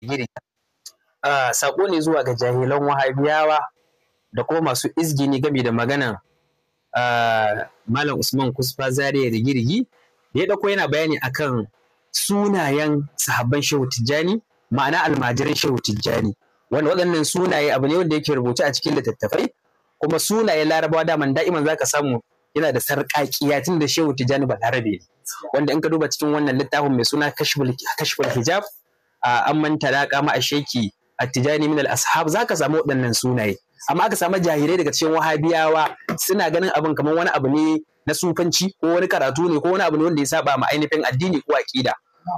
gini ah, saƙo ne zuwa ga jahilan wahabiyawa da kuma masu izgini gami da magana ah, malam usman kusfa zariya da girgi da ya ɗauko yana bayani akan sunayen sahabban shehu tijjani ma'ana almajiran shehu tijjani wanda waɗannan sunaye abu ne wanda yake rubuce a cikin littattafai kuma sunaye larabawa daman da'iman zaka samu yana da sarƙaƙiya tun da shehu tijjani ba larabe ne wanda in ka duba cikin wannan littafin mai suna kashful hijab an manta da kama a sheki a tijani min al-ashab zaka samu waɗannan sunaye amma aka samu jahirai daga cikin wahabiyawa suna ganin abin kamar wani abu ne na sufanci ko wani karatu ne ko wani abu ne wanda ya saba ma ainihin addini ko aqida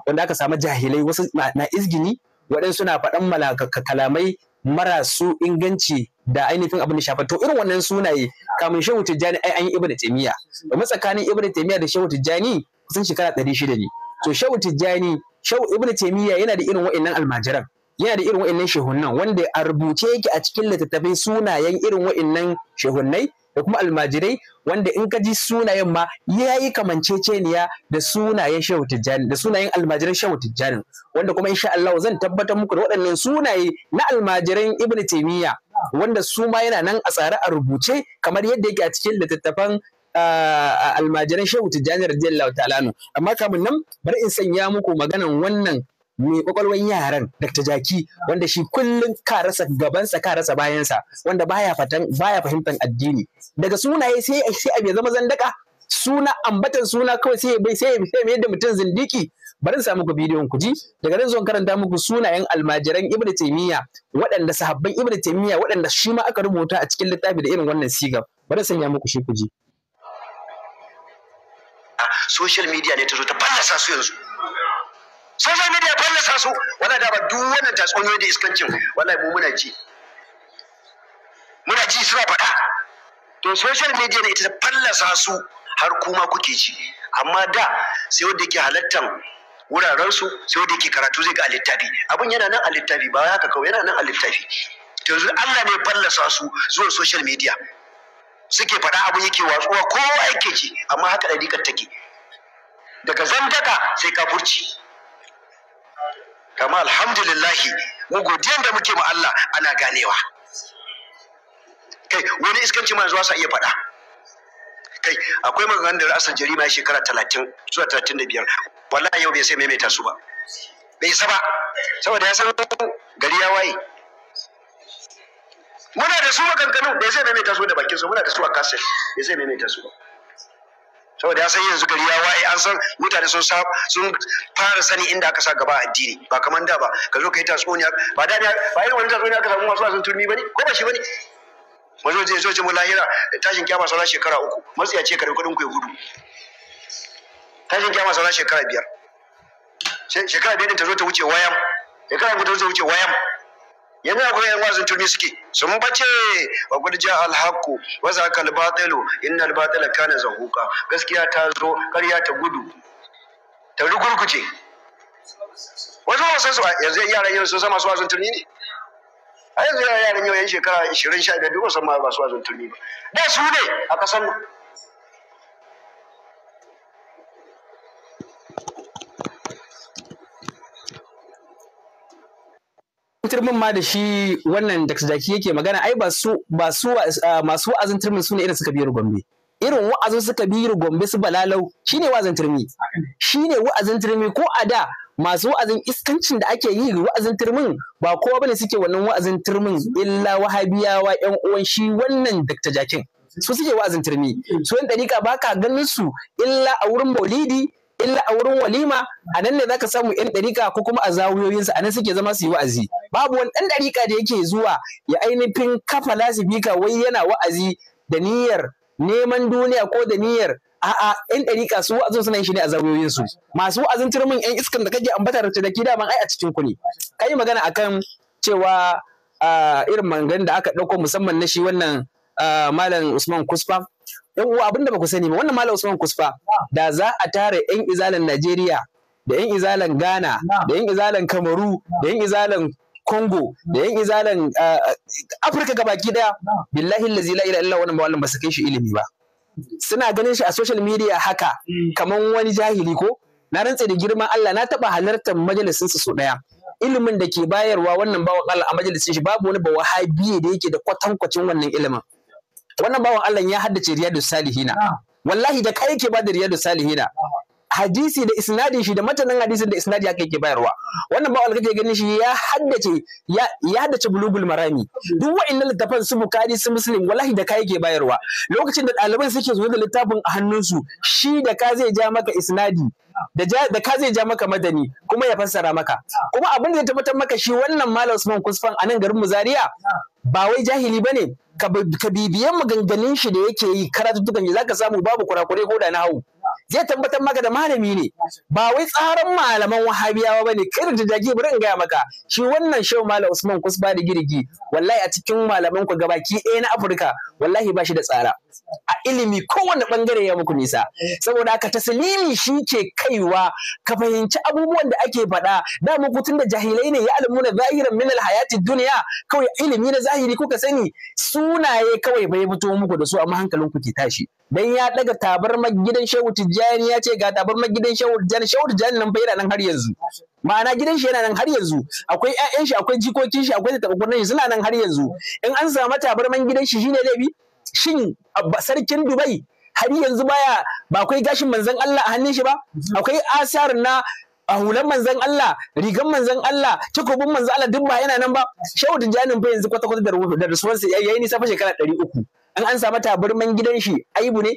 wanda aka samu jahilai wasu na izgini waɗansu na faɗan malaka kalamai marasu inganci da ainihin abin da shafa to irin wannan sunaye kamun shehu tijjani ai an yi ibnu taymiya domin tsakanin ibnu taymiya da shehu tijjani kusan shekara ɗari shida ne to shehu tijani Shau Ibn Taymiyyah yana da irin wa'annan almajiran. Yana da irin wa'annan shehunnan, wanda a rubuce yake a cikin littattafai sunayen irin wa'annan shehunnai da kuma almajirai wanda in ka ji sunayen ma ya yi kamanceceniya da sunayen Shehu Tijjani da sunayen almajiran Shehu Tijjani wanda kuma insha Allah zan tabbatar muku da waɗannan sunaye na almajiran Ibn Taymiyyah wanda su ma yana nan a tsare a rubuce kamar yadda yake a cikin littattafan almajiran Shehu Tijjani radiyallahu ta'ala anhu amma kamun nan bari in sanya muku maganan wannan mai kwakwalwan yaran Dr. Jaki wanda shi kullum ka rasa gabansa ka rasa bayansa wanda baya fatan baya fahimtar addini daga sunaye sai sai abu ya zama zandaka suna ambatan suna kawai sai bai sai sai mai da mutum zindiki bari in sa muku bidiyon ku ji daga nan zan karanta muku sunayen almajiran ibnu taymiya waɗanda sahabban ibnu taymiya waɗanda shi ma aka rubuta a cikin littafi da irin wannan sigar bari sanya muku shi ku ji social media ne ta zo ta fallasa su yanzu social media ya fallasa su wala da ba duk wannan tatsuniyoyi da iskancin wallahi mu muna ji muna ji suna faɗa to social media ne ita ta fallasa su har kuma kuke ci amma da sai wanda yake halattan wuraren su sai wanda yake karatu zai ga littafi abin yana nan a littafi ba haka kawai yana nan a littafi to yanzu Allah ne fallasa su zuwa social media suke faɗa abin yake watsuwa kowa yake ji amma haka dikar take daga zandaka sai ka furci kama alhamdulillahi mu godiyan da muke ma Allah ana ganewa kai wani iskanci ma zuwa sa iya faɗa kai akwai maganganun da ra'asar jarima shekara talatin zuwa talatin da biyar wallahi yau bai sai maimaita su ba bai saba ba saboda ya san gari ya waye muna da su maganganun bai sai maimaita su da bakin su muna da su a kasir bai sai maimaita su ba saboda ya san yanzu gari ya waye an san mutane sun sun fara sani inda aka sa gaba addini ba kamar da ba ka zo ka yi tatsuniya ba da ba irin wani tatsuniya aka samu masu wasan turmi bane ko ba shi bane wajo zai zo ce mu lahira tashin kiyama sauran shekara uku ya ce karbi kudin ku ya gudu tashin kiyama sauran shekara biyar shekara biyar din ta zo ta wuce wayam shekara uku ta zo ta wuce wayam yana ko yan wasu tuni suke sun bace wa gurja alhaqu wa zakal batilu innal batila kana zahuka gaskiya ta zo ƙarya ta gudu ta rugurguje wasu wasu su yanzu yara yau sun sama masu wasu tuni ne a yanzu yaran yau yan shekara 20 sha biyar duk sun ma ba su wasu tuni ba da su ne a kasan nan turmin ma da shi wannan da jaki yake magana ai ba su ba su ah, masu wa'azin turmin su ne irin suka biyar gombe irin wa'azin suka biyar gombe su balalau shine wa'azin turmi shine wa'azin turmi ko a da masu wa'azin iskancin da ake yi wa'azin turmin ba kowa bane suke wannan wa'azin turmin illa wahabiyawa yan uwan shi wannan ta jakin su suke wa'azin turmi so yan dariƙa baka ganin su illa a wurin maulidi illa a wurin walima a nan ne zaka samu yan ɗarika ko kuma a zawuyoyinsa a nan suke zama su yi wa'azi babu wani ɗan ɗarika da yake zuwa ya ainihin kafa lasifika wai yana wa'azi da niyyar neman duniya ko da niyyar a'a yan ɗarika su wa'azi suna yin shi ne a zawuyoyinsu masu wa'azin turmin yan iskan da kake ambata da ki ban ai a cikin ku ne kai magana akan cewa ah, irin mangan da aka ɗauko musamman na shi wannan ah, malam Usman Kusfa yan uwa abinda ba ku sani ba wannan malam Usman Kusfa da za a tara yan izalan Najeriya da yan izalan Ghana da yan izalan Kamaru da yan izalan Congo da yan izalan Afirka gabaki daya billahi allazi la ilaha illa wannan malam ba su kai shi ilimi ba suna ganin shi a social media haka kaman wani jahili ko na rantse da girman Allah na taba halartar majalisin su daya ilimin da ke bayarwa wannan bawan Allah a majalisin shi babu wani bawahabiye da yake da kwatankwacin wannan ilimin wannan bawan Allah ya haddace riyadu salihina wallahi da kai yake ba da riyadu salihina hadisi da isnadin shi da matanin hadisin da isnadi haka yake bayarwa wannan bawal kake ganin shi ya haddace ya haddace bulugul marami duk wa'annan littafan su bukari su muslim wallahi da ka yake bayarwa lokacin da ɗaliban suke zuwa da littafin a hannunsu shi da ka zai ja maka isnadi da ka zai ja maka madani kuma ya fassara maka kuma abin da ya tabbatar maka shi wannan malam Usman Kusfan a nan garin mu Zaria ba wai jahili ba ne ka bibiyan maganganun shi da yake yi karatu karatuttukan za ka samu babu kurakure ko da na hau zai tabbatar maka da malami ne ba wai tsaron malaman wahabiyawa ne. kai da jagi bari in gaya maka shi wannan shehu malam usman kusba da girgi wallahi a cikin malaman ku gabaki ɗaya na afirka wallahi ba shi da tsara a ilimi kowane bangare ya muku nisa saboda haka taslimi shi ke kaiwa ka fahimci abubuwan da ake faɗa da muku tun da jahilai ne ya na zahiran min alhayati duniya kawai ilimi na zahiri kuka sani sunaye kawai bai fito muku da su amma hankalin ku ke tashi dan ya daga tabarmar gidan Shehu Tijjani ya ce ga tabarmar gidan Shehu Tijjani Shehu Tijjani nan fa yana nan har yanzu ma'ana gidan shi yana nan har yanzu akwai ƴaƴan shi akwai jikokin shi akwai tabakunan shi suna nan har yanzu in an samu tabarmar gidan shi shine laifi shin sarkin Dubai har yanzu baya ba akwai gashin manzon Allah a hannun shi ba akwai asar na a hulan manzon Allah rigan manzon Allah takobin manzon Allah duk ba yana nan ba shehu tijanin bai yanzu kwata kwata da rasuwarsa yayi nisa fa shekara 300 in an samu tabarman gidan shi aibu ne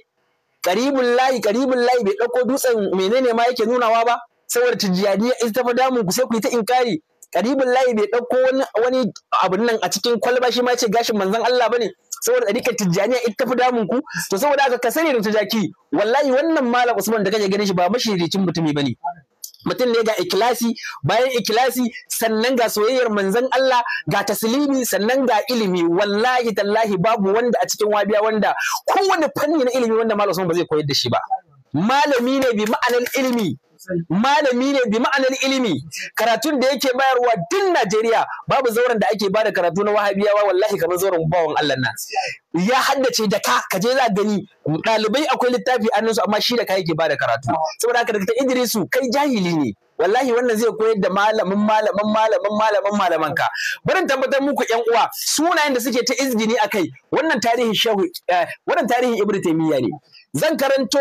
karibun layi karibun layi bai ɗauko dutsen menene ma yake nunawa ba saboda tijjaniya ita ta fi damun ku sai ku yi ta inkari karibin layi bai ɗauko wani wani abun nan a cikin kwalba shi ma yace gashin manzon Allah bane saboda dika tijjaniya ita ta fi damun ku to saboda haka ka sani da tijaki wallahi wannan malam Usman da kake ganin shi ba mashiricin mutumi bane mutum ne ga ikilasi bayan ikilasi sannan ga soyayyar manzan Allah ga taslimi sannan ga ilimi wallahi tallahi babu wanda a cikin wabiya wanda kowane fanni na ilimi wanda malam ba zai koyar da shi ba malami ne bi ma'anar ilimi malami ne bi ma'anar ilimi karatun da yake bayarwa duk Najeriya babu zauren da ake bada karatu na wahabiyawa wallahi kamar zauren bawan Allah nan ya haddace da ka ka je za gani ɗalibai akwai littafi a su amma shi da ka yake bada karatu saboda haka daga Idrisu kai jahili ne wallahi wannan zai koyar da malamin malamin malamin malamin malaman ka barin tabbatar muku yan uwa sunayen da suke ta izgini akai wannan tarihin shehu eh, wannan tarihin Ibn ne zan karanto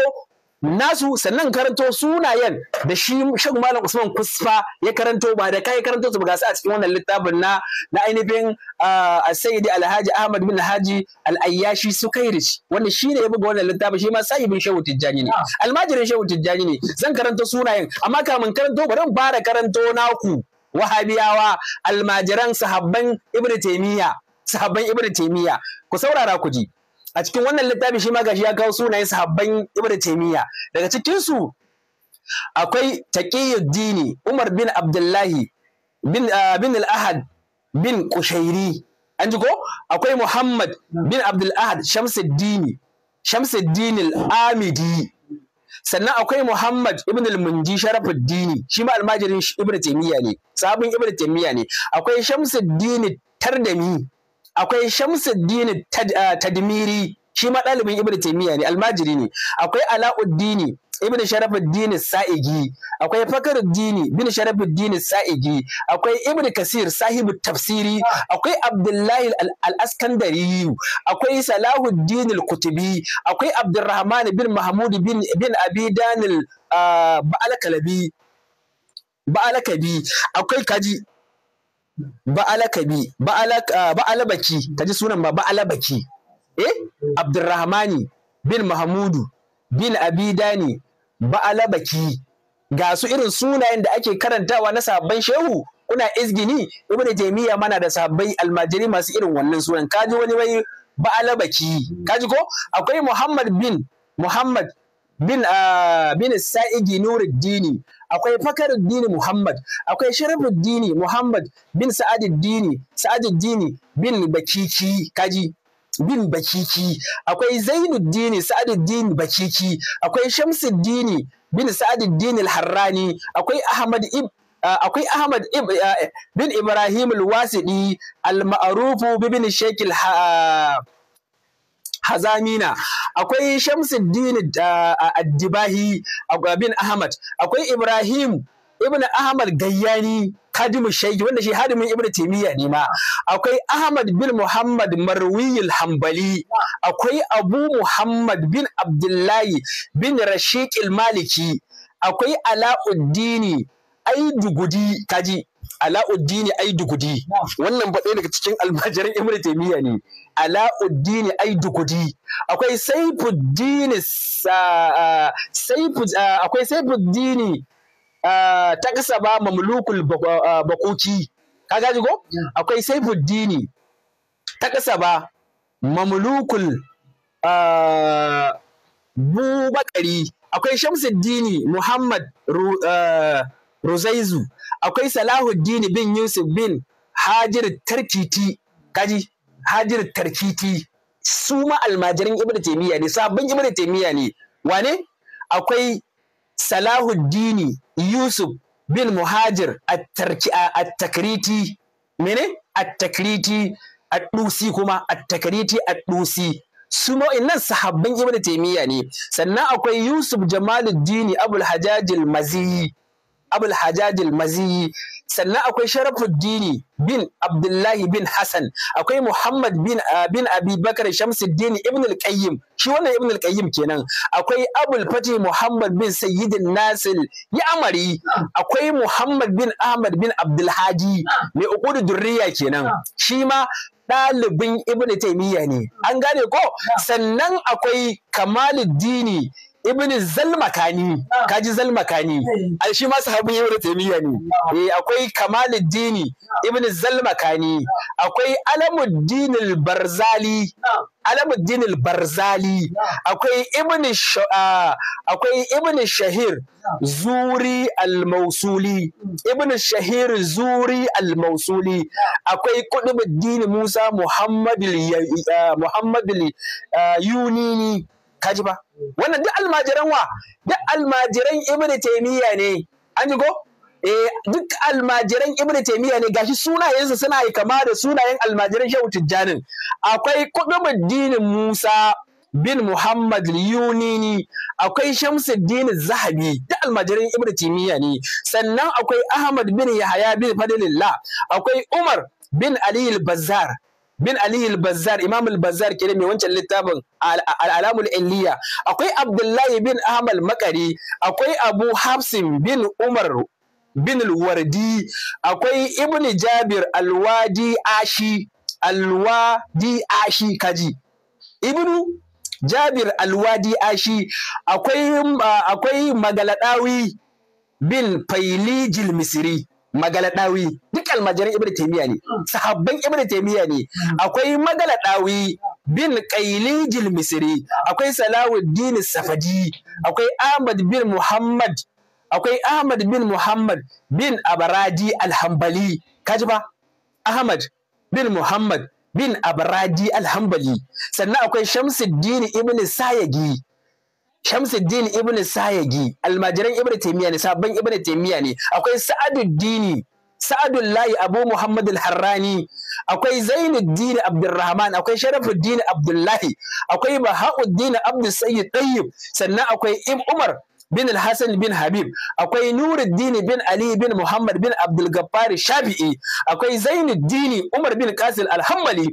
nasu sannan karanto sunayen da shi shagun malam usman kusfa ya karanto ba da kai karanto su ga su a cikin wannan littafin na na ainihin ah, sayyidi alhaji ahmad bin haji al-ayyashi sukairich wanda shi ne ya buga wannan littafin shi ma sahibin shehu tijjani ne ah. almajirin shehu tijjani ne zan karanto sunayen amma kamin karanto bari in fara karanto naku wahabiyawa almajiran sahabban ibnu taymiya sahabban ibnu taymiya ku saurara ku ji a cikin wannan littafi shi magashi gashi ya kawo sunayen sahabban ibrahim taimiyya. daga cikin su akwai dini umar bin abdullahi bin ah, bin al-ahad bin kushairi an ji ko akwai muhammad bin abdul ahad shamsuddini shamsuddini al-amidi sannan akwai Muhammad ibn al-Munji Sharafuddini shi ma almajirin ibn taimiyya ne Sabon ibn taimiyya ne akwai Shamsuddin Tardami akwai Shamsuddin eh, Tadmiri shi ma ɗalibin Ibn Taymiyyah ne almajiri ne akwai Alauddini Ibn Sharafuddin Sa'igi akwai Fakhruddin bin Sharafuddin Sa'igi akwai Ibn Kasir sahibu tafsiri akwai Abdullahi al-Askandari akwai Salahuddin al-Kutubi akwai Abdurrahman bin Mahmud bin bin Abi Danil ah, Ba'alkabi akwai Kaji ba'alakabi ah, ba'alabaki ji sunan ba ba'alabaki eh abdurrahmani bin mahamudu bin abidani ba'alabaki ga su irin sunayen da ake karantawa na sabban shehu kuna izgini ibnu jami'a mana da sabbai almajiri masu irin wannan sunan kaji wani bai ba'alabaki kaji ko akwai muhammad bin muhammad bin ah, bin Sa'idi Nuruddini akwai Fakaruddini Muhammad akwai Sharifuddini Muhammad bin Sa'aduddini Sa'aduddini bin Bakiki kaji bin Bakiki akwai Zainuddini Sa'aduddini Bakiki akwai Shamsuddini bin Sa'aduddini Al-Harrani akwai Ahmad ibn ah, akwai Ahmad ah, eh, bin Ibrahim al-Wasidi al-ma'rufu bi bin Sheikh hazamina akwai shamsuddin addibahi bin ahmad akwai ibrahim ibn ahmad gayyani kadimu shaiki wanda shi hadimin Ibn taymiya ne ma akwai ahmad bin muhammad marwiyil hambali akwai abu muhammad bin abdullahi bin rashiqil maliki akwai alauddini aidugudi kaji alauddini aidugudi wannan ba daga cikin almajirin Ibn taymiya ne ala'uddini ai dukudi akwai saifuddini akwai saifuddini kasa ba mamlukul bakuki ka gaji ko akwai saifuddini kasa ba mamlukul bubakari akwai shamsuddini muhammad ruzaizu akwai salahuddini bin yusuf bin hajir tarkiti kaji hajir tarkiti su ma almajirin Ibn taymiya ne sabbin Ibn taymiya ne wane akwai salahuddini yusuf bin muhajir at-takriti mene at-takriti at-dusi kuma at-takriti at-dusi su nan sahabban Ibn taymiya ne sannan akwai yusuf jamaluddini abul hajajil maziyi abul hajajil maziyi sannan akwai sharafuddini bin abdullahi bin hassan akwai muhammad bin ah, bin abi bakar shamsuddini ibn al shi wannan ibn al kenan akwai abul fatih muhammad bin sayyidin nasir ya'mari akwai muhammad bin ahmad bin abdulhaji mai uqudu durriya kenan shi ma ɗalibin ibn taimiyya ne an gane ko sannan akwai kamaluddini ibn zalmakani ah. kaji zalmakani al shi ma sahabin ibn taymiya ne ah. eh akwai kamaluddin ah. ibn zalmakani akwai alamuddin al-barzali alamuddin al-barzali akwai ibn akwai ibn shahir zuri al hmm. ibn shahir zuri al Akwai akwai kudubuddin musa muhammad muhammad yunini kaji ba wannan duk almajiran wa duk almajiran ibnu taymiya ne an ji ko eh duk almajiran ibnu taymiya ne gashi sunayensa suna yi kama da sunayen almajiran shehu tijjanin akwai kudubuddin musa bin muhammad yunini akwai shamsuddin zahabi duk almajiran ibnu taymiya ne sannan akwai ahmad bin yahaya bin fadlillah akwai umar bin ali al-bazzar bin Ali al-Bazzar Imam al-Bazzar kenan mai wancan littafin al-Alamul Illiya akwai Abdullahi bin Ahmad Makari akwai Abu Hafsin bin Umar bin al-Wardi akwai Ibn Jabir al-Wadi Ashi al-Wadi Ashi kaji Ibn Jabir al-Wadi Ashi akwai akwai Magaladawi bin Failijil Misri magaladawi duk almajiran ibnu taymiya ne hmm. sahabban ibnu taymiya ne hmm. akwai magaladawi bin qailijil misri akwai salawuddin safadi hmm. akwai ahmad bin muhammad akwai ahmad bin muhammad bin abradi alhambali kaji ba ahmad bin muhammad bin abradi alhambali sannan akwai shamsuddin ibn sayagi Shamsuddin ibn Sayagi almajiran ibn Taymiyyah ne sabon ibn Taymiyyah ne akwai Sa'aduddini Sa'adullahi Abu Muhammad al-Harrani akwai Zainuddin abdulrahman akwai Sharafuddin Abdullahi akwai Bahauddin Abdus Sayyid Tayyib sannan akwai Ibn Umar bin Hassan bin Habib akwai Nuruddin bin Ali bin Muhammad bin Abdul Gaffar Shafi'i akwai Zainuddin Umar bin Qasim al-Hammali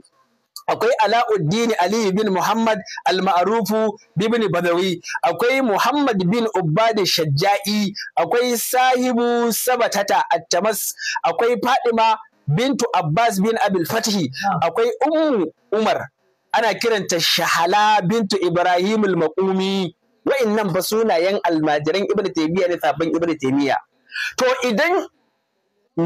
akwai Alauddin Ali bin Muhammad al-Ma'rufu bin Badawi akwai Muhammad bin Ubbad Shajja'i akwai Sahibu Sabatata At-Tamas akwai Fadima bintu Abbas bin Abil Fatihi akwai Ummu Umar ana kiranta Shahala bintu Ibrahim al-Maqumi wa'annan ba sunayen almajiran Ibn Taymiyyah ne sabon Ibn Taymiyyah to idan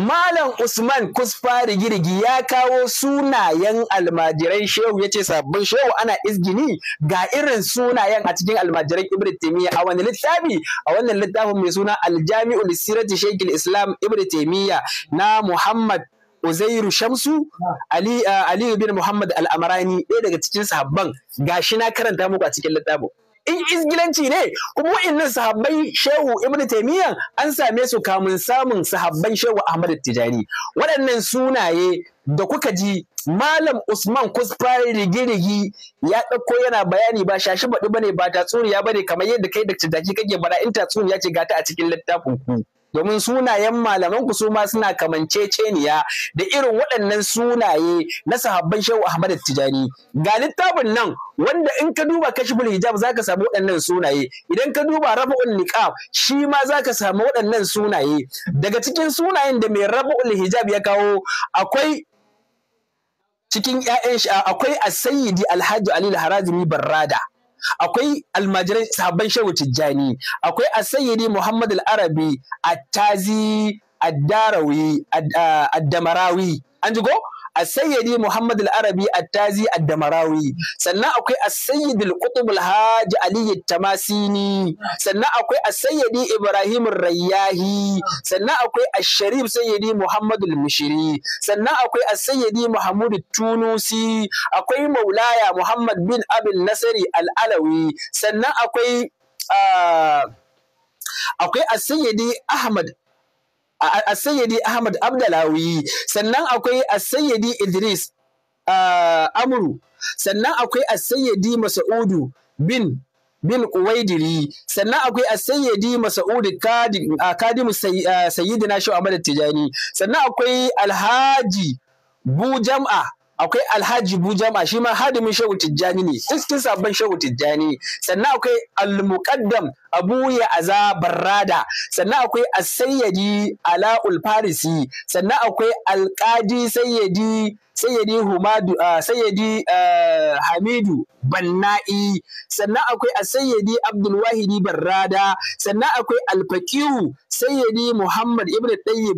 Malam Usman Kusfari Girgi ya kawo sunayen almajiran shehu ya ce sabbin shehu ana izgini ga irin sunayen a cikin almajiran Ibrahim Taymiyyah a wani littafi a wannan littafin mai suna Aljami'u Sirati Shekil Islam Ibrahim Taymiyyah na Muhammad Uzairu Shamsu uh, Aliyu Ali bin Muhammad al ɗaya daga cikin sahabban shi na karanta muku a cikin littafin in izgilanci ne kuma wa'annan sahabban shehu ibn taimiyan. an same su kamun samun sahabban shehu ahmad tijani waɗannan sunaye da kuka ji malam usman kusfari rigirigi ya ɗauko yana bayani ba shashi baɗi bane ba tatsuniya ba ne. kamar yadda kai da tattaki kake bara in tatsuniya ce gata a cikin littafin ku domin sunayen malaman ku su ma suna kamanceceniya da irin waɗannan sunaye na sahabban Shehu Ahmad Tijani ga littafin nan wanda in ka duba kashful hijab zaka samu waɗannan sunaye idan ka duba rabu'ul niqab shi ma zaka samu waɗannan sunaye daga cikin sunayen da mai rabu'ul hijab ya kawo akwai cikin 'ya'yan shi akwai hajj alhaji Aliyu harajimi barrada akwai almajirai sabon shehu tijjani akwai asayidi muhammad al-arabi a tazi a darawi a ah, damarawi an ji ko as-sayyidi Muhammad al-Arabi at-Tazi ad-Damarawi sannan akwai as-sayyid al-Qutb al-Haj Ali at-Tamasini sannan akwai as-sayyidi Ibrahim ar-Rayyahi sannan akwai ash-Sharif sayyidi Muhammad al-Mushiri sannan akwai as sayyid al qutb al haj ali sannan akwai as sayyidi ibrahim ar rayyahi sannan akwai ash sharif sayyidi Muhammad al mushiri sannan akwai as sayyidi muhammad tunusi akwai Maulaya Muhammad bin Abin Nasri al-Alawi sannan akwai ah, akwai as Ahmad sayyadi Ahmad Abdalawi sannan akwai sayyadi Idris uh, Amuru sannan akwai sayyadi Masa'udu bin bin Uwaidiri sannan akwai sayyadi Masa'udu uh, Kadimu uh, Sayyidina Shehu Ahmad Tijani sannan akwai Alhaji Bu Jam'a akwai alhaji bujama shi ma hadimin shehu tijjani ne cikin sabon shehu tijjani sannan akwai almuqaddam abu ya aza barrada sannan akwai asayyadi ala'ul farisi sannan akwai alƙadi sayyadi sayyadi humadu ah, sayyadi eh, hamidu banna'i sannan akwai asayyadi abdulwahidi barrada sannan akwai alfaqihu sayyadi muhammad ibn tayyib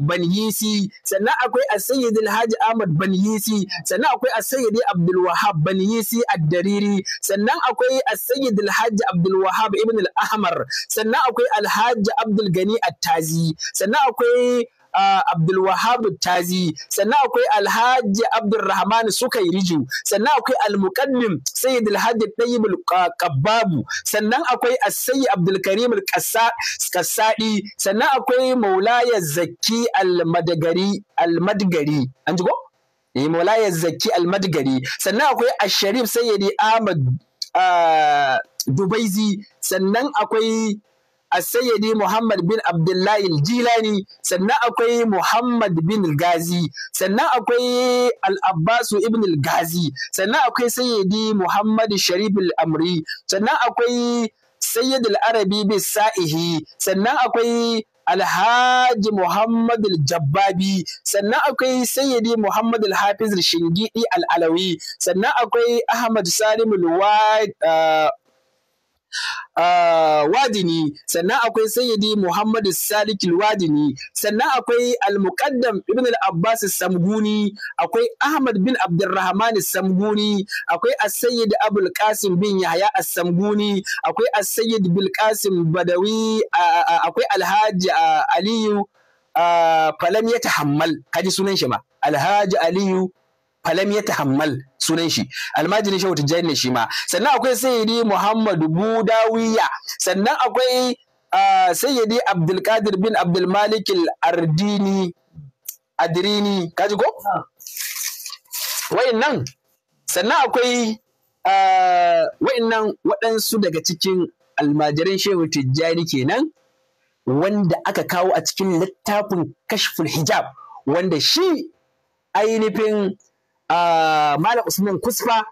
Banyisi sannan akwai Asayid Alhaji Ahmad Banyisi sannan akwai Asayid Abdul Wahab Banyisi addariri dariri sannan akwai Asayid Alhaji Abdul Wahab Ibn Al-Ahmar sannan akwai Alhaji Abdul Gani at sannan akwai Abdulwahab Tazi sannan akwai Alhaji Abdulrahman Sukairiju sannan akwai Al-Muqaddim Sayyid Alhaji Tayyib Al-Qabbabu sannan akwai As-Sayyid Abdulkarim al sannan akwai Maulaya Zaki Almadagari madgari an ji ko eh Maulaya Zaki al sannan akwai Ash-Sharif Sayyidi Ahmad ah, Dubaizi sannan akwai A Sayyidi Muhammad bin Abdullahi Jilani, sannan akwai Muhammad bin Gazi, sannan akwai Al-Abbasu ibn Gazi, sannan akwai Sayyidi Muhammad Sharif amri sannan akwai Sayyid arabi bin Sa'ihi, sannan akwai Alhaji Muhammad Jabbabi sannan akwai Sayyidi Muhammad Hafiz Shingidi al sannan akwai Ahmad Salim Ah, wadini sannan akwai sayyidi muhammadu salik wadini sannan akwai al-muqaddam ibn al-abbas samguni akwai ahmad bin abdurrahman samguni akwai as-sayyid abul qasim bin yahya as-samguni akwai as-sayyid bil qasim badawi ah, ah, akwai alhaji aliyu falam ya tahammal kaji sunan shi ma alhaji aliyu falam ya tahammal sunan shi almajirin shehu tijjani ne shi ma sannan akwai sayyidi muhammadu budawiya sannan akwai sayyidi abdulkadir bin abdulmalik ardini adirini kaji ko wa'annan sannan akwai nan waɗansu daga cikin almajirin shehu tijjani kenan wanda aka kawo a cikin littafin kashful hijab wanda shi ainihin Malam Usman Kusfa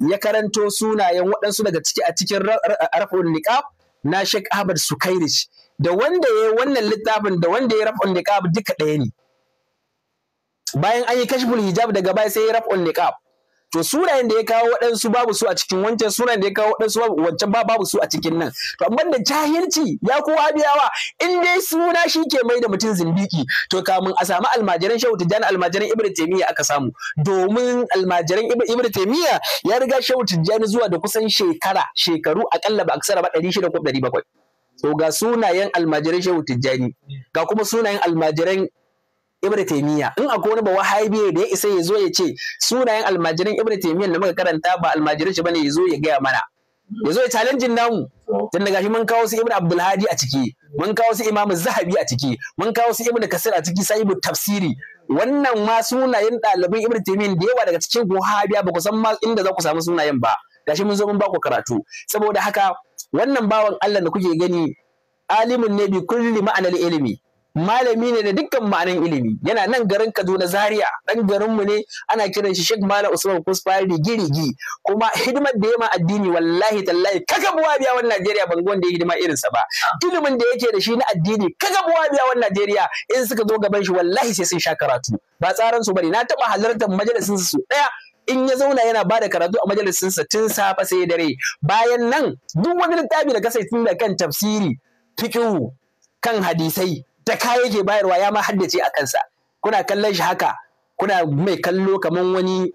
ya karanto sunayen waɗansu daga ciki a cikin rafin niqab na Sheikh Ahmad Sukairish da wanda ya wannan littafin da wanda ya rafin niqab duka ɗaya ne bayan an yi kashful hijab daga baya sai ya rafin niqab to sunayen da ya kawo waɗansu babu su a cikin wancan sunayen da ya kawo waɗansu wancan babu su a cikin nan to amma da jahilci ya kowa biyawa in dai suna shi ke mai da mutum zindiki to kamun a samu almajiran shehu tijjani almajiran ibn taimiyya aka samu domin almajiran ibn taimiyya ya riga shehu tijjani zuwa da kusan shekara shekaru akalla ba aksara ba ɗari shida ko ɗari bakwai to ga sunayen almajiran shehu tijjani ga kuma sunayen almajiran ibn taymiya in akwai wani ba wahabi da ya isa ya zo ya ce sunayen almajirin ibn taymiya da muka karanta ba almajirin shi bane ya zo ya gaya mana ya zo ya challenge namu tun daga gashi mun kawo su ibn abdul hadi a ciki mun kawo su Imam zahabi a ciki mun kawo su ibn kasir a ciki sai sahibu tafsiri wannan ma sunayen ɗaliban ibn taymiya da yawa daga cikin wahabiya ba ku san ma inda za ku samu sunayen ba gashi mun zo mun ba ku karatu saboda haka wannan bawan Allah da kuke gani alimun ne bi kulli ma'anar ilimi malami ne da dukkan ma'anin ilimi yana nan garin Kaduna Zaria dan mu ne ana kiran shi Sheikh Malam Usman Kusfari Rigirigi kuma hidimar da yema addini wallahi tallahi kaga buwa biya wannan Najeriya ban ga wanda ya hidima irin sa ba ilimin da yake da shi na addini kaga buwa biya wannan Najeriya in suka zo gaban shi wallahi sai sun sha karatu ba tsaran su bane na taba halartar majalisin su daya in ya zauna yana ba da karatu a sa tun safe sai dare bayan nan duk wani littafi da kasai tun da kan tafsiri fiqhu kan hadisai ta yake bayarwa ya ma haddace a kansa kuna kallon shi haka kuna mai kallo kamar wani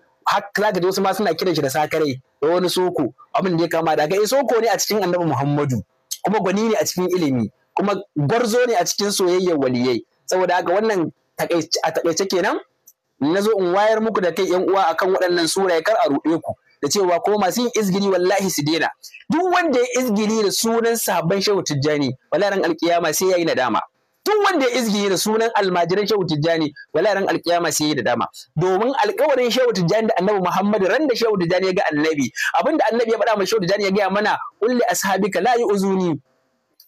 za ka wasu ma suna kiran shi da sakare da wani soko abin da ya kama daga ga eh, soko ne a cikin annabi muhammadu kuma gwani ne a cikin ilimi kuma gwarzo ne a cikin soyayyar waliyai saboda haka wannan a takaice kenan na zo in wayar muku da kai yan uwa akan waɗannan sura kar a ruɗe ku da cewa ko masu yin izgiri wallahi su daina duk wanda ya izgiri da sunan sabon shehu tijjani wallahi ran alkiyama sai yayi nadama duk wanda ya izgi da sunan almajiran shehu tijjani wala ran alkiyama sai ya da dama domin alkawarin shehu tijjani da annabi muhammad ran da shehu tijjani ya ga annabi abinda annabi ya faɗa ma shehu tijjani ya gaya mana kulli ashabika la yu'zuni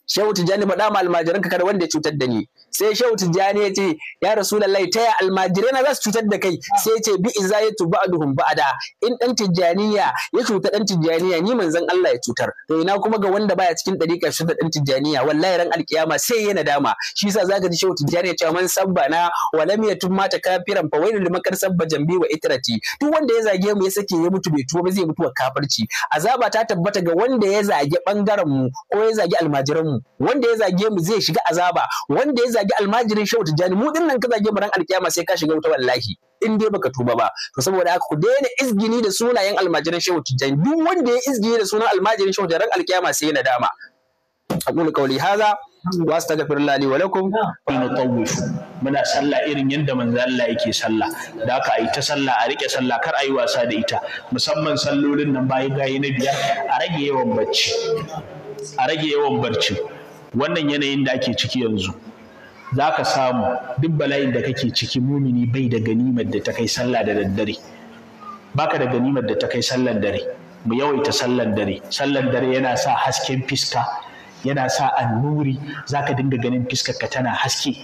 shehu tijjani faɗa ma almajiran ka kada wanda ya cutar da ni sai shehu tijjani ya ce ya rasulullahi ta taya almajirai na za su cutar da kai sai ce bi iza ya tuba aduhum da. in dan tijjaniya ya cuta dan tijjaniya ni manzon Allah ya cutar to ina kuma ga wanda baya cikin dariƙa shi da dan tijjaniya wallahi ran alkiyama sai yana dama shi yasa zaka ji shehu tijjani ya ce man sabbana wa lam yatum mata kafiran fa wailul limakar sabba jambi wa itrati duk wanda ya zage mu ya sake ya mutu bai tuba ba zai mutu kafar kafirci azaba ta tabbata ga wanda ya zage bangaren mu ko ya zage almajiran mu wanda ya zage mu zai shiga azaba wanda ya zagi almajirin shehu tijjani mu dinnan ka zagi mu ran alkiyama sai ka shiga wuta wallahi in dai baka tuba ba to saboda haka ku daina izgini da sunayen almajirin shehu tijjani duk wanda ya izgini da sunan almajirin shehu tijjani ran alkiyama sai yana dama aqulu qawli hadha wa astaghfiru lillahi wa lakum nutawwif muna sallah irin yadda manzo Allah yake sallah da aka yi ta sallah a rike sallah kar ayi wasa da ita musamman sallolin nan bayi gayi na biyar a rage yawan barci a rage yawan barci wannan yanayin da ake ciki yanzu za ka samu duk bala'in da kake ciki mumini bai da ganimar da ta kai sallah da daddare baka da ganimar da ta kai sallan dare mu yawaita sallan dare sallan dare yana sa hasken fiska yana sa annuri zaka dinga ganin fiskar ka tana haske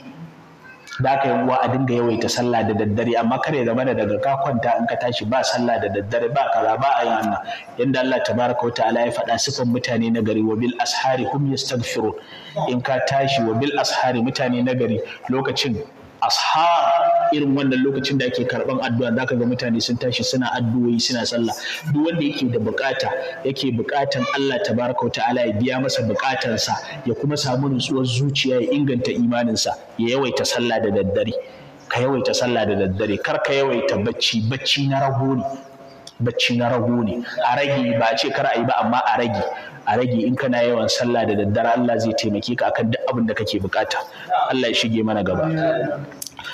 za ka yi uwa a dinga yawaita sallah da daddare amma kar ya zama da daga ka kwanta in ka tashi ba sallah da daddare ba kaza ba a yin wannan yanda Allah tabaraka wa ta'ala ya faɗa sifan mutane na gari wa bil ashari hum yastaghfirun in ka tashi wa bil ashari mutane na gari lokacin ashar irin wannan lokacin da ake karban addu'a zaka ga mutane sun tashi suna addu'o'i suna sallah duk wanda yake da bukata yake bukatan Allah tabaraka wa ta'ala ya biya masa bukatansa ya kuma samu nutsuwar zuciya ya inganta imaninsa ya yawaita sallah da daddare ka yawaita sallah da daddare kar ka yawaita bacci bacci na rago ne bacci na rago ne a rage ba a ce kar a yi ba amma a rage a rage in kana yawan sallah da daddare Allah zai taimake ka akan duk abin da kake bukata Allah ya shige mana gaba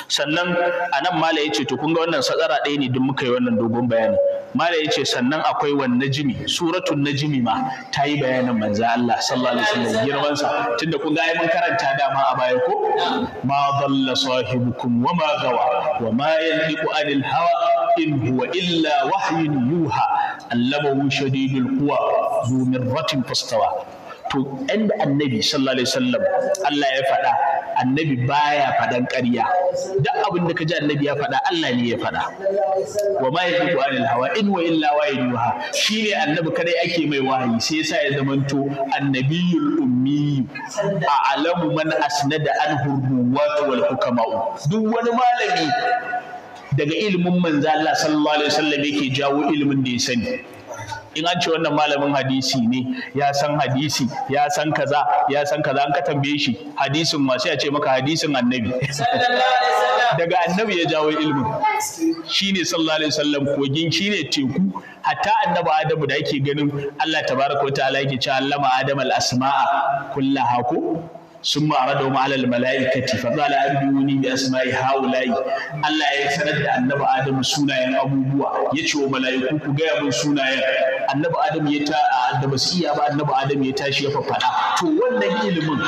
sannan a nan mala ya ce to kun ga wannan satsara ɗaya ne duk muka yi wannan dogon bayani mala ya ce sannan akwai wani jimi suratun najimi ma ta yi bayanin manzan Allah sallallahu alaihi wasallam girmansa tunda kun ga ai mun karanta dama a baya ko ma dalla sahibukum wa ma gawa wa ma yantiqu anil hawa in huwa illa wahyun yuha allamahu shadidul quwa zu mirratin fastawa to inda annabi sallallahu alaihi wasallam Allah ya faɗa annabi baya faɗan ƙarya duk abin da ka ji annabi ya faɗa Allah ne ya faɗa wa ma yajibu anil hawa in wa illa wahyuha shine annabi kadai ake mai wahayi sai yasa ya zamanto annabiyul ummi a alamu man asnada an hurbuwat wal hukama'u duk wani malami daga ilimin manzo Allah sallallahu alaihi wasallam yake jawo ilimin da ya sani in an ce wannan malamin hadisi ne ya san hadisi ya san kaza ya san kaza an ka tambaye shi hadisin ma sai a ce maka hadisin annabi daga annabi ya jawo ilimin shine sallallahu alaihi wasallam kogin shine teku hatta annabi adamu da ake ganin Allah tabaraka wa ta'ala yake cewa allama Adamal asma'a kullaha ko sun ma'aradahum ala al-mala'ikati fa qala abduni bi asma'i haula'i Allah ya sanar da annabi Adamu sunayen abubuwa ya ce wa mala'iku ku gaya min sunayen annabi Adamu ya ta da ba annabi Adamu ya tashi ya faɗa to wannan ilimin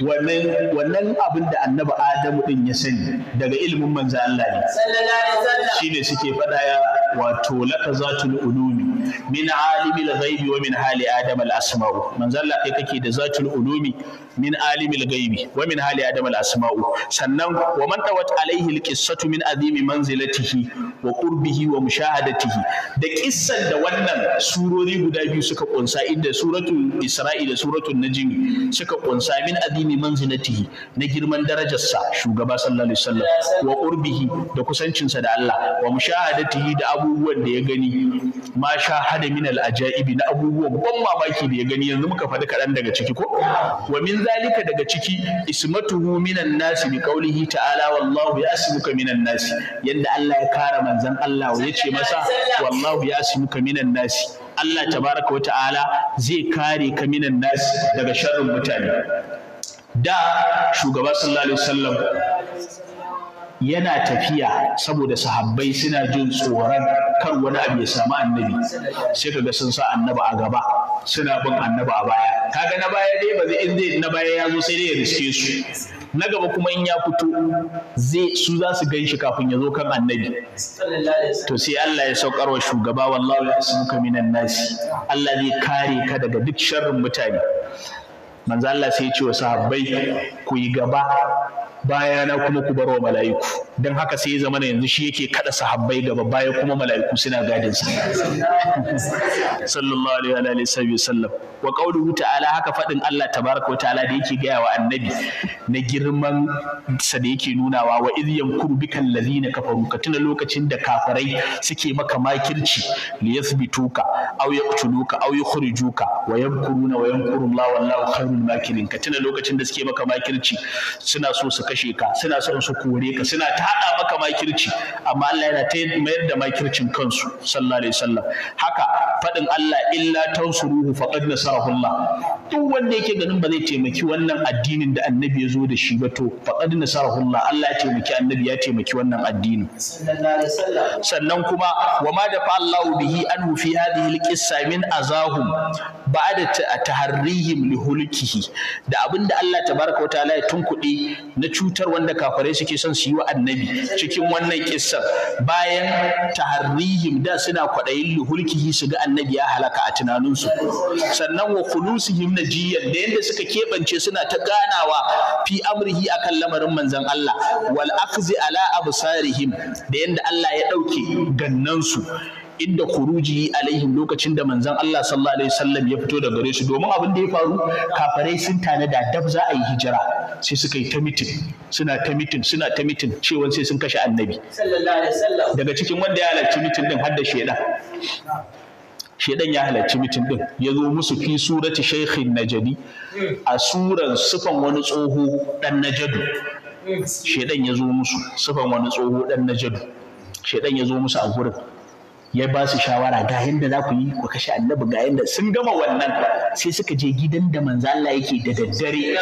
wannan wannan abin da annabi Adamu din ya sani daga ilimin manzo Allah ne shine suke faɗa ya wato lakazatul ulumi min alimil ghaibi wa min hali adam al asma'u manzo Allah kai kake da zatul ulumi min alimil ghaibi wa min hali adam al asma'u sannan wa man tawat alaihi al qissatu min azimi manzilatihi wa qurbihi wa mushahadatihi da kissan da wannan surori guda biyu suka kunsa inda suratul isra'i da suratul najm suka kunsa min azimi manzilatihi na girman darajarsa shugaba sallallahu alaihi wasallam wa qurbihi da kusancinsa da Allah wa mushahadatihi da abubuwan da ya gani ma hada min aja'ibi na abubuwan ban mamaki da ya gani yanzu muka faɗi kaɗan daga ciki ko wa min zalika daga ciki ismatuhu minan nasi bi qaulihi ta'ala wallahu yasmuka minan nasi yanda Allah ya kara manzon Allah ya ce masa wallahu yasmuka minan nasi Allah tabaraka wa ta'ala zai kare ka minan nasi daga sharrin mutane da shugaba sallallahu alaihi wasallam yana tafiya saboda sahabbai suna jin tsoron kan wani abu ya samu annabi sai kaga sun sa annaba a gaba suna bin annaba a baya kaga na baya dai ba zai inda na baya ya zo sai dai ya riske su na gaba kuma in ya fito zai su za su gan shi kafin ya zo kan annabi to sai Allah ya saukar wa shugaba wallahu yasmuka minan nasi Allah zai kare ka daga duk sharrin mutane manzo Allah sai ya ce wa sahabbai ku yi gaba bayana kuma ku baro mala'iku don haka sai ya zama yanzu shi yake kada sahabbai gaba baya kuma mala'iku suna gadin sa sallallahu alaihi wa alihi sallam wa qawluhu ta'ala haka fadin Allah tabaraka wa ta'ala da yake gaya wa annabi na girman sa da yake nunawa wa idh yankuru bikal ladina kafaru ka tuna lokacin da kafarai suke maka makirci li yathbituka aw yaqtuluka aw yukhrijuka wa yamkuruna wa yamkuru Allah wallahu khairul makirin ka tuna lokacin da suke maka makirci suna so su kashe ka suna son su kore ka suna taɗa maka makirci amma Allah yana ta mayar da makircin kansu sallallahu alaihi wasallam haka faɗin Allah illa tansuruhu faqad Allah duk wanda yake ganin ba zai taimaki wannan addinin da annabi ya zo da shi ba to faqad nasarahu Allah ya taimaki annabi ya taimaki wannan addinin sannan kuma wa ma da Allahu bihi anhu fi hadhihi alqissa min azahum ba'da taharrihim lihulkihi da abinda Allah tabaraka wa ta'ala ya tunkuɗe na cutar wanda kafirai suke son su yi wa annabi cikin wannan kissar bayan taharrihim da suna kwaɗayin luhulkihi su ga annabi ya halaka a tunaninsu sannan wa kulusihim na jiyan da yadda suka keɓance suna ta ganawa fi amrihi kan lamarin manzon Allah wal akzi ala absarihim da yadda Allah ya ɗauke gannansu inda kuruji alaihim lokacin da manzon Allah sallallahu alaihi wasallam ya fito da gare su domin abin da ya faru kafarai sun da dab za a yi hijira sai suka yi ta mitin suna ta mitin suna ta mitin cewa sai sun kashe annabi daga cikin wanda ya halarci mitin din har da sheda shedan ya halarci mitin din ya zo musu fi surati shaykhin najadi a suran sufan wani tsoho dan najadu hmm. shedan ya zo musu sufan wani tsoho dan najadu shedan ya zo musu a gurin ya ba su shawara ga yadda za ku yi ku kashe annabi ga yadda sun gama wannan sai suka je gidan da manzo Allah yake da daddare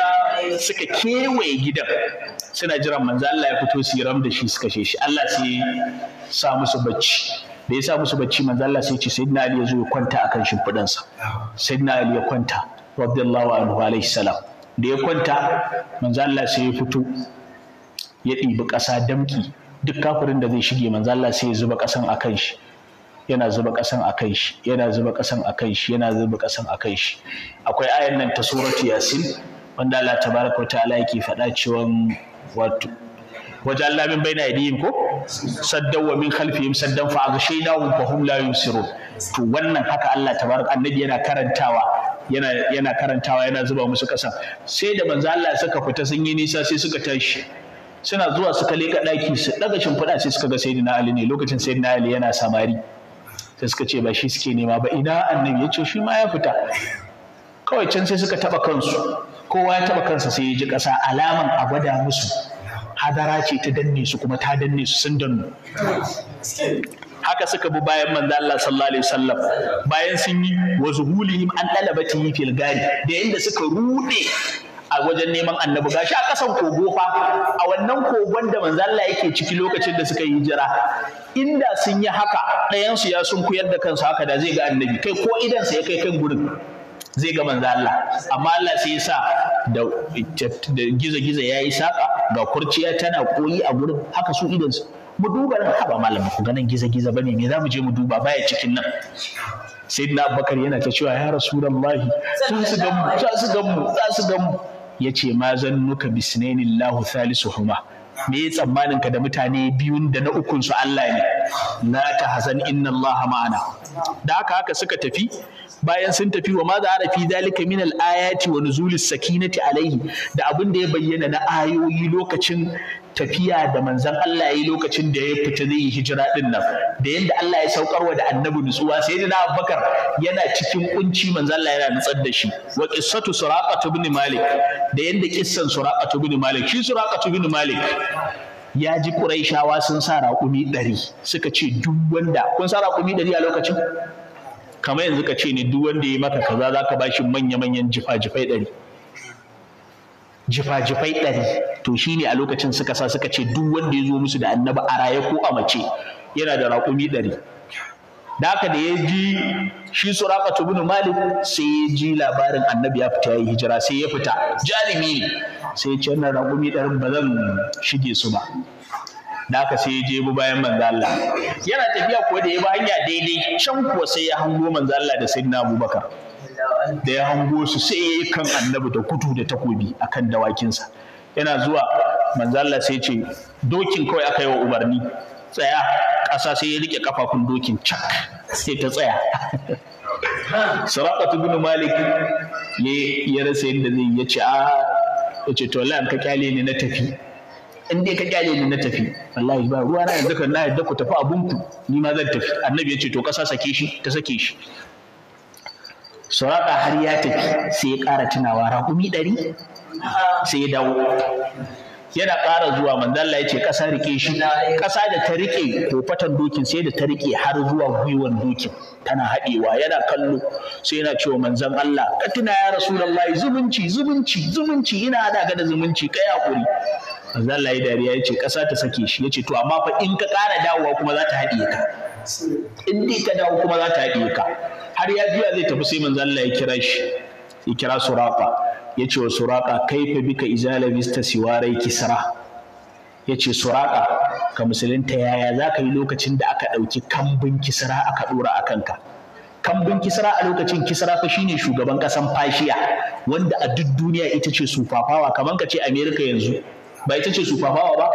suka kewaye gidan suna jiran manzo Allah ya fito su ram da shi su kashe shi Allah sai sa musu bacci da ya sa musu bacci manzo Allah sai ce sayyidina Ali ya zo ya kwanta akan shimfidan sa sayyidina Ali ya kwanta radiyallahu anhu alaihi salam da ya kwanta manzo Allah sai ya fito ya ɗibi ƙasa damki duk kafirin da zai shige manzo Allah sai ya zuba ƙasan akan shi yana zuba ƙasan a kan shi yana zuba ƙasan a kan shi yana zuba ƙasan a kan shi akwai ayan nan ta suratu yasin wanda Allah tabaraka wa ta'ala yake faɗa cewa wato wajalna min baina aydihim ko saddan wa min khalfihim saddan fa aghshaynahum fa hum la yusirun to wannan haka Allah tabaraka annabi yana karantawa yana yana karantawa yana zuba musu ƙasan sai da manzo Allah suka fita sun yi nisa sai suka tashi suna zuwa suka leka ɗaki su ɗaga shimfiɗa sai suka ga sayyidina Ali ne lokacin sayyidina Ali yana samari sai suka ce ba shi suke nema ba ina annabi ya ce shi ma ya fita kawai can sai suka taba kansu kowa ya taba kansa sai ya ji ƙasa alaman a gwada musu hadara ce ta danne su kuma ta danne su sun dannu haka suka bi bayan manzo Allah sallallahu alaihi wasallam bayan sun yi wa zuhulihim an dalabati fil gari da inda suka rude a wajen neman annabi gashi a ƙasan kogo fa a wannan kogon da manzo yake ciki lokacin da suka yi jira, inda sun yi haka ɗayansu ya sun kuyar da kansu haka da zai ga annabi kai ko idan sa ya kai kan gurin zai ga manzo amma Allah sai ya sa da giza-giza ya yi saƙa ga kurciya tana koyi a gurin haka su idansu mu duba nan haba malamin, ku ganin giza-giza bane me za mu je mu duba baya cikin nan sayyidina abubakar yana ta cewa ya rasulullahi Sun su gamu sun su gamu sun su gamu ya ce ma zan zannuka bisnaini Allahu huma. me yi tsammanin ka da mutane biyun da na ukun su Allah ne Na ta hazan inna Allah ma'ana da haka haka suka tafi bayan sun tafi wa maza zahara fi zalika min al ayati wa nuzulis sakinati alaihi da abin da ya bayyana na ayoyi lokacin tafiya da manzan Allah yayi lokacin da ya fita zai yi hijira din nan da yanda Allah ya saukar wa da annabi nutsuwa sai da Abubakar yana cikin kunci manzon Allah yana nutsar da shi wa qissatu suraqatu ibn malik da yanda kissan suraqatu ibn malik shi suraqatu ibn malik ya ji Quraishawa sun sa raƙumi ɗari suka ce duk wanda kun sa raƙumi ɗari a lokacin kamar yanzu ka ce ne duk wanda ya maka kaza za ka ba shi manya-manyan jifa-jifai ɗari jifa-jifai ɗari to shi ne a lokacin suka sa suka ce duk wanda ya zo musu da annaba a raye ko a mace yana da raƙumi ɗari da haka da ya ji shi suraka tubunu malik sai ya ji labarin annabi ya fita ya yi hijira sai ya fita jarumi ne sai ya ce wannan raƙumi ɗarin ba zan shige su ba da aka sai je bu bayan manzo Allah yana tafiya kuwa da ya bi hanya daidai can kuwa sai ya hango manzo Allah da sayyidina Abubakar da ya hango su sai yi kan annabi da kutu da takobi akan dawakinsa yana zuwa manzo Allah sai ce dokin kawai aka yi wa umarni tsaya ƙasa sai ya rike kafafun dokin cak sai ta tsaya Sarakatu bin Malik ya rasa yadda zai ya ce a ce to Allah ka kyale ni na tafi in dai ka kyale ni na tafi wallahi ba ruwa na yanzu kan na yadda ku tafi abun ku ni ma zan tafi annabi ya ce to kasa sake shi ta sake shi suraka har ya tafi sai ya ƙara tunawa raƙumi ɗari sai ya dawo yana ƙara zuwa manzalla ya ce ƙasa rike shi ƙasa da ta rike ko fatan dokin sai da ta rike har zuwa gwiwan dokin tana haɗewa yana kallo sai yana cewa manzan Allah ka tuna ya rasulullahi zumunci zumunci zumunci ina haɗa ga zumunci kai hakuri Za Allah yi dariya ya ce ƙasa ta sake shi ya ce to amma fa in ka ƙara dawowa kuma za ta haɗiye ka in dai ka dawo kuma za ta haɗiye ka har ya biya zai tafi sai manzo Allah ya kira shi ya kira suraka ya ce wa suraka kaifa bika izala bista siwarai kisra ya ce suraka ka musulunta yaya za ka yi lokacin da aka ɗauki kambun kisra aka ɗora a kanka kambun kisra a lokacin kisra fa shine shugaban ƙasan fashiya wanda a duk duniya ita ce sufafawa kaman ka ce amerika yanzu ba ita ce superpower ba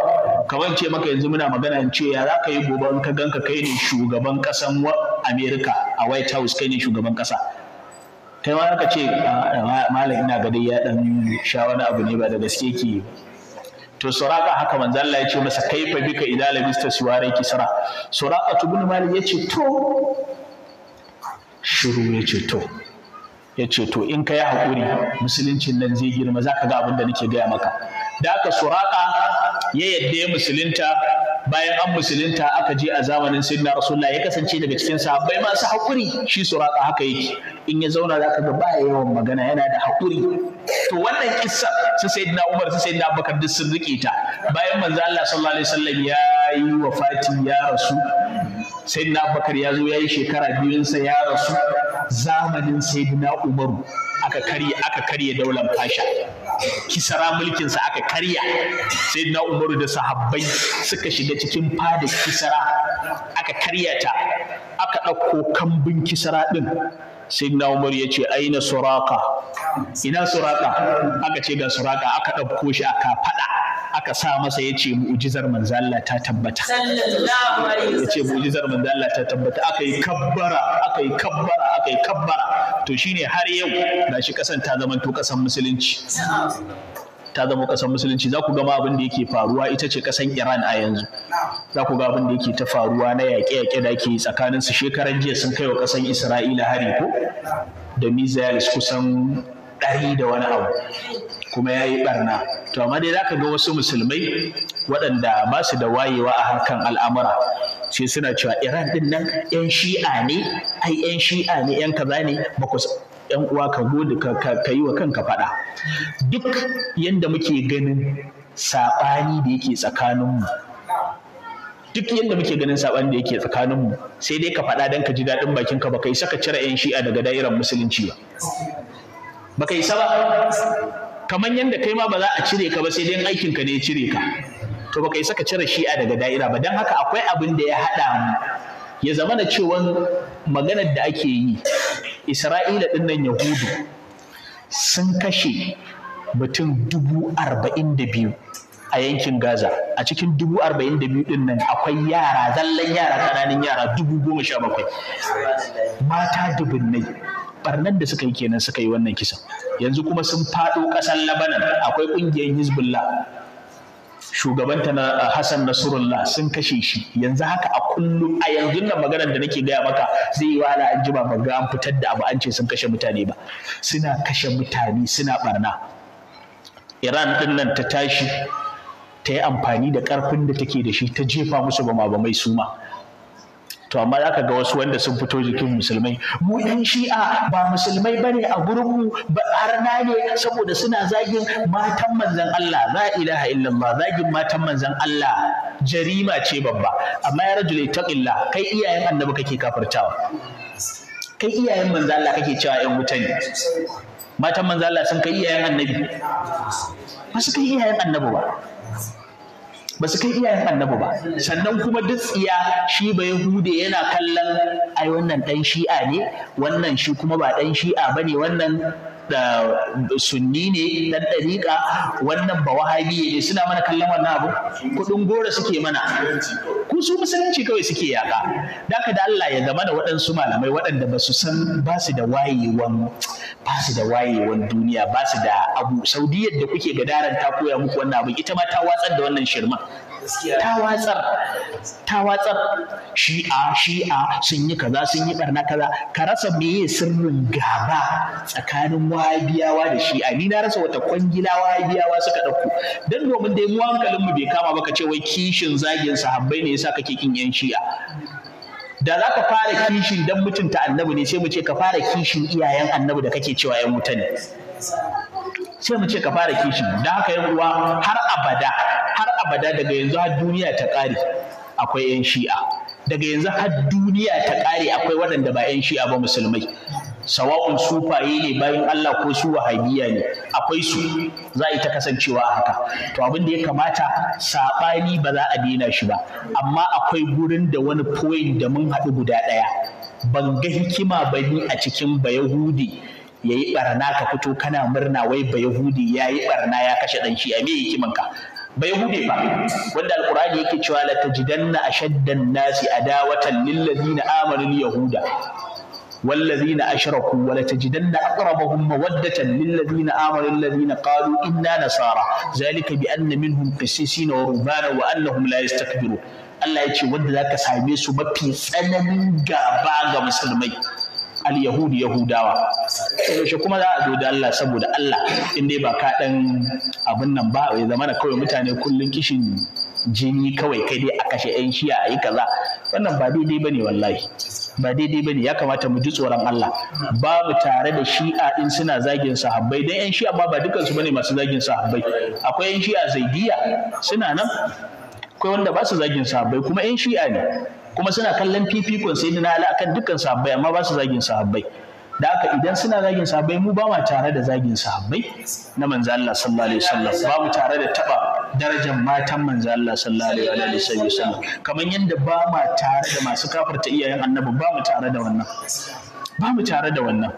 kamar ce maka yanzu muna magana in ce ya za ka yi gobe ka ganka kai ne shugaban kasan amerika a White House kai ne shugaban kasa kai ma ka ce ah, malam ina ga dai ya dan sha wani abu ne ba da gaske ki to suraka haka manzo Allah ya ce masa kaifa bika idza suware ki sara suraka tubun malam ya ce to shiru ya ce to ya ce to in ka yi haƙuri musuluncin nan zai girma za ka ga abin da nake gaya maka da aka suraka ya yadda ya musulunta bayan an musulunta aka je a zamanin sayyidina rasulullah ya kasance daga cikin sahabbai masu haƙuri shi suraka haka yake in ya zauna za ka ga ba yawan magana yana da haƙuri to wannan kissa su na umar su na bakar duk sun rike ta bayan manzo Allah sallallahu alaihi wasallam ya yi wafati ya rasu na bakar ya zo ya yi shekara biyunsa ya rasu zamanin sayyidina umaru aka karye aka karye daular fasha kisara mulkinsa aka karya sai na umaru da sahabbai suka shiga cikin fada kisara aka karya ta aka ɗauko kambun kisara ɗin sai na umaru ya ce aina suraka ina suraka aka ce ga suraka aka ɗauko shi aka faɗa aka sa masa ya ce mu'ujizar manzo Allah ta tabbata ya ce mu'ujizar manzo Allah ta tabbata aka yi kabbara aka yi kabbara aka yi kabbara to shine har yau shi kasan ta zama to kasan musulunci ta zama kasan musulunci za ku gama abin da yake faruwa ita ce kasan iran a yanzu za ku ga abin da yake ta faruwa na yaƙe-yaƙe da ke tsakanin su shekaran jiya sun kai wa kasan isra'ila hari ko da missiles kusan ɗari da wani abu kuma ya yi ɓarna to amma dai za ka ga wasu musulmai waɗanda ba su da wayewa a harkan al'amura sai suna cewa iran din nan yan shi'a ne ai yan shi'a ne yan kaza ne ba ku yan uwa ka gode ka yi wa kanka faɗa duk yanda muke ganin saɓani da yake tsakaninmu duk yadda muke ganin saɓani da yake tsakaninmu sai dai ka faɗa don ka ji daɗin bakinka ba ka yi saka cire 'yan shi'a daga da'irar musulunci ba ba ka yi saba kamar yadda kai ma ba za a cire ka ba sai dai ka ne ya cire ka to baka kai saka cire shi'a daga da'ira ba don haka akwai abin da ya haɗa mu ya zama na cewa maganar da ake yi isra'ila ɗin nan yahudu sun kashe mutum dubu arba'in da biyu a yankin gaza a cikin dubu arba'in da biyu ɗin nan akwai yara zallan yara ƙananan yara dubu goma sha bakwai mata dubunnai barnan da suka yi kenan suka yi wannan kisan yanzu kuma sun faɗo ƙasar labanan akwai ƙungiyar hezbollah shugabanta na uh, Hassan Nasrullah sun kashe shi yanzu haka a kullum a yanzu nan maganar da nake gaya maka zai yi wala an jima ba ga an fitar da abu an ce sun kashe mutane ba suna kashe mutane suna barna Iran din nan ta tashi ta yi amfani da karfin da take da shi ta jefa musu bama ba mai suma to amma za ka ga wasu wanda sun fito jikin musulmai mu yan shi'a ba musulmai ba ne a gurinmu ba na ne saboda suna zagin matan manzan Allah la ilaha illallah zagin matan manzan Allah jarima ce babba amma ya rajule taqilla kai iyayen annabi kake kafirtawa kai iyayen manzan Allah kake cewa yan wuta ne matan manzan Allah sun kai iyayen annabi ba su kai iyayen annabi ba ba su kai iyayen annabi ba sannan kuma duk tsiya shi ba yahude yana kallon ai wannan dan shi'a ne wannan shi kuma ba dan shi'a bane wannan sunni ne dan dariƙa wannan ba wahabi ne suna mana kallon wannan abu Kuɗin gora suke mana ku su musulunci kawai suke yaka daka da Allah ya zama da waɗansu malamai waɗanda ba su san ba su da wayewan ba su da wayewan duniya ba su da abu saudiyar da kuke gadaran ta koya muku wannan abu ita ma ta watsar da wannan shirman ta watsar shi'a shi'a sun yi kaza sun yi barna kaza ka rasa meye sirrin gaba tsakanin wahabiyawa da shi'a ni na rasa wata kwangila wahabiyawa suka ɗauko dan domin dai mu hankalinmu bai kama ba ka ce wai kishin zagin sahabbai ne yasa kake kin yan shi'a da za ka fara kishin dan mutunta annabi ne sai mu ce ka fara kishin iyayen annabi da kake cewa yan wuta ne sai mu ce ka fara kishin da haka yan uwa har abada har abada daga yanzu har duniya ta ƙare akwai yan shi'a daga yanzu har duniya ta ƙare akwai waɗanda ba yan shi'a ba musulmai sawa'un sufaye ne bayan Allah ko su wahabiya ne akwai su za a yi ta kasancewa haka to abin da ya kamata saɓani ba za a daina shi ba amma akwai gurin da wani point da mun haɗu guda ɗaya ban ga hikima ba ni a cikin bayahudi Yayi yi ka fito kana murna wai ba yahudi ya barna ya kashe dan a me hikiman ka ba wanda alqur'ani yake cewa la tajidanna ashaddan nasi adawatan lil ladina amanu yahuda والذين أشركوا ولتجدن أقربهم مودة للذين آمنوا الذين قالوا إنا نصارى ذلك بأن منهم قسيسين ورهبانا وأنهم لا يستكبرون Allah ya ce wanda za ka same su mafi tsananin gaba ga musulmai al Yahudi yahudawa yaushe kuma za a zo da Allah saboda Allah in dai ba ka dan abin nan ba ya zama da kawai mutane kullun kishin jini kawai kai dai a kashe yan shiya a yi kaza wannan ba daidai bane wallahi ba daidai bane ya kamata mu ji tsoron Allah babu tare da shi'a in suna zagin sahabbai dan yan shi'a ba ba dukan su bane masu zagin sahabbai akwai yan shi'a zaidiya suna nan akwai wanda ba su zagin sahabbai kuma yan shi'a ne kuma suna kallon fifikon sai na ala akan dukkan sahabbai amma ba su zagin sahabbai da haka idan suna zagin sahabbai mu ba mu tare da zagin sahabbai na manzo Allah sallallahu alaihi wasallam ba mu tare da taba darajar matan manzo Allah sallallahu alaihi wasallam kamar yadda ba ma tare da masu kafarta iyayen annabi ba mu tare da wannan ba mu tare da wannan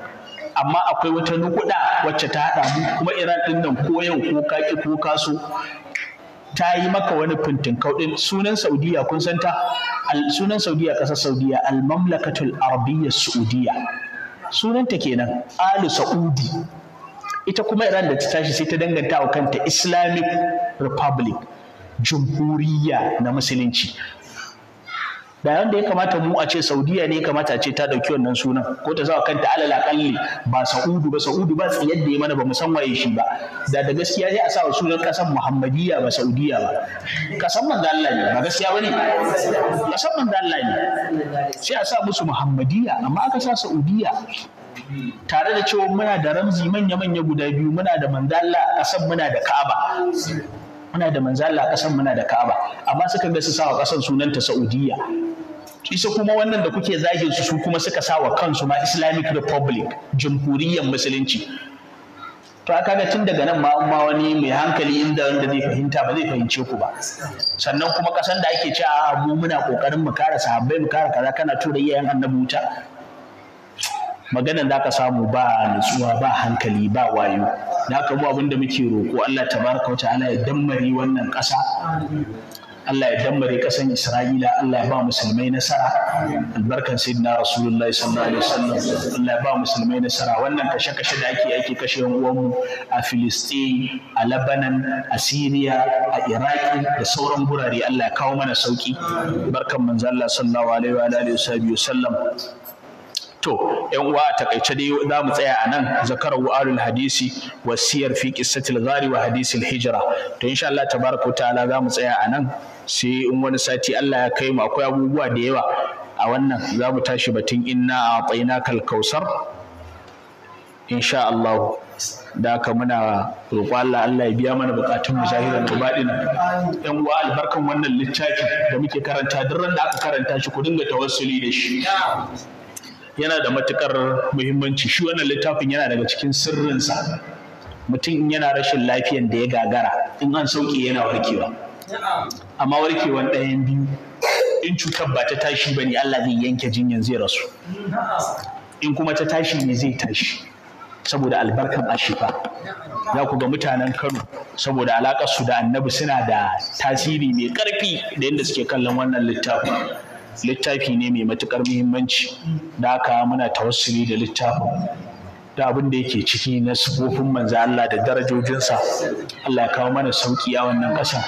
amma akwai wata nukuda wacce ta haɗa mu kuma Iran din nan ko yau ko kaki ko kaso ta yi maka wani fintin din sunan Saudiya kun san ta sunan Saudiya kasar Saudiya al-Mamlakatul Arabiyya Saudiya sunanta kenan Alu Saudi ita kuma Iran da ta tashi sai ta danganta wa kanta Islamic Republic jumhuriya na musulunci da yanda ya kamata mu a ce saudiya ne ya kamata a ce ta dauki wannan sunan ko ta zawa kanta alal akalli ba sa'udu ba sa'udu ba tsayar da ya mana ba mu san waye shi ba da da gaskiya sai a sa sunan kasan muhammadiyya ba saudiya ba kasan manzo Allah ne ba gaskiya bane kasan manzo Allah ne sai a sa musu muhammadiyya amma aka sa saudiya tare da cewa muna da ramzi manya-manya guda biyu muna da Mandala, a ƙasar muna da ka'aba muna da manzala a ƙasar muna da kaba, amma suka ga su sa wa ƙasar sunanta Saudiya isa kuma wannan da kuke zagin su su kuma suka sa wa kansu ma Islamic Republic jamhuriyar musulunci to aka ga tun daga nan ma amma wani mai hankali inda wanda zai fahimta ba zai fahimce ku ba sannan kuma kasan da ake cewa mu muna kokarin mu kara sahabbai mu kara kaza kana tura iyayen annabi wuta maganan da ka samu ba nutsuwa ba hankali ba wayo da haka mu abin da muke roƙo Allah tabaraka wa ta'ala ya dammari wannan ƙasa Allah ya dammare ƙasan Isra'ila Allah ya ba musulmai nasara albarkan sayyidina Rasulullahi sallallahu alaihi wasallam Allah ya ba musulmai nasara wannan kashe-kashe da ake ake kashe yan uwanmu a Filistin a Lebanon a Syria a Iraq da sauran gurare Allah ya kawo mana sauki barkan manzo Allah sallallahu alaihi wa alihi wasallam to yan uwa a takaice dai za mu tsaya a nan zakara wa'alul hadisi wasiyar fi qissatil zari wa hadisil hijira to insha Allah tabaraka ta'ala za mu tsaya a nan sai in wani sati Allah ya kai mu akwai abubuwa da yawa a wannan za mu tashi batun inna a tsaina kausar insha Allah da haka muna roƙo Allah Allah ya biya mana buƙatun mu zahiran mu baɗin uwa albarkan wannan littafin da muke karanta duk ran da aka karanta shi ku dinga tawassuli da shi yana da matukar muhimmanci shi wannan littafin yana daga cikin sirrinsa mutum in yana rashin lafiyan da ya gagara in an sauke yana warkewa amma warkewan ɗayan biyu in cutar ba ta tashi ba ne Allah zai yanke jinyan zai rasu in kuma ta tashi ne zai tashi saboda albarkan ashifa za ku ga mutanen Kano saboda alaƙar su da annabi suna da tasiri mai ƙarfi da yadda suke kallon wannan littafin littafi ne mai matukar muhimmanci da haka muna tawassuli da littafin da abin da yake ciki na sufofin manzo Allah da darajojinsa Allah ya kawo mana sauki a wannan ƙasa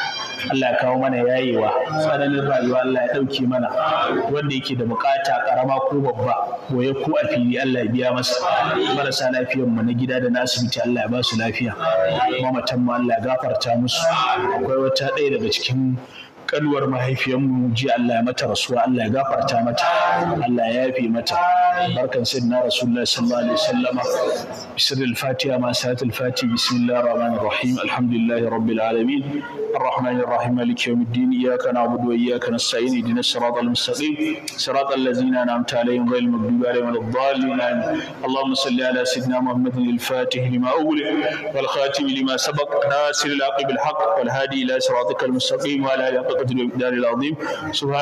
Allah ya kawo mana yayewa tsananin rayuwa Allah ya ɗauke mana wanda yake da bukata karama ko babba goye ko a fili Allah ya biya masa marasa lafiyar mu na gida da na asibiti Allah ya ba su lafiya mamatan mu Allah ya gafarta musu akwai wata ɗaya daga cikin kalwar mahaifiyanmu ji Allah ya mata rasuwa Allah ya gafarta mata Allah ya yafi mata barkan sayyidina rasulullah sallallahu alaihi wasallama bisiril fatiha ma salatul fatiha bismillahir rahmanir rahim alhamdulillahi rabbil alamin الرحمن الرحيم مالك يوم الدين إياك نعبد وإياك نستعين اهدنا الصراط المستقيم صراط الذين أنعمت عليهم غير المغضوب عليهم ولا الضالين اللهم صل على سيدنا محمد الفاتح لما أغلق والخاتم لما سبق ناصر العقب بالحق والهادي إلى صراطك المستقيم وعلى آله قائمة بإمداد العظيم سبحان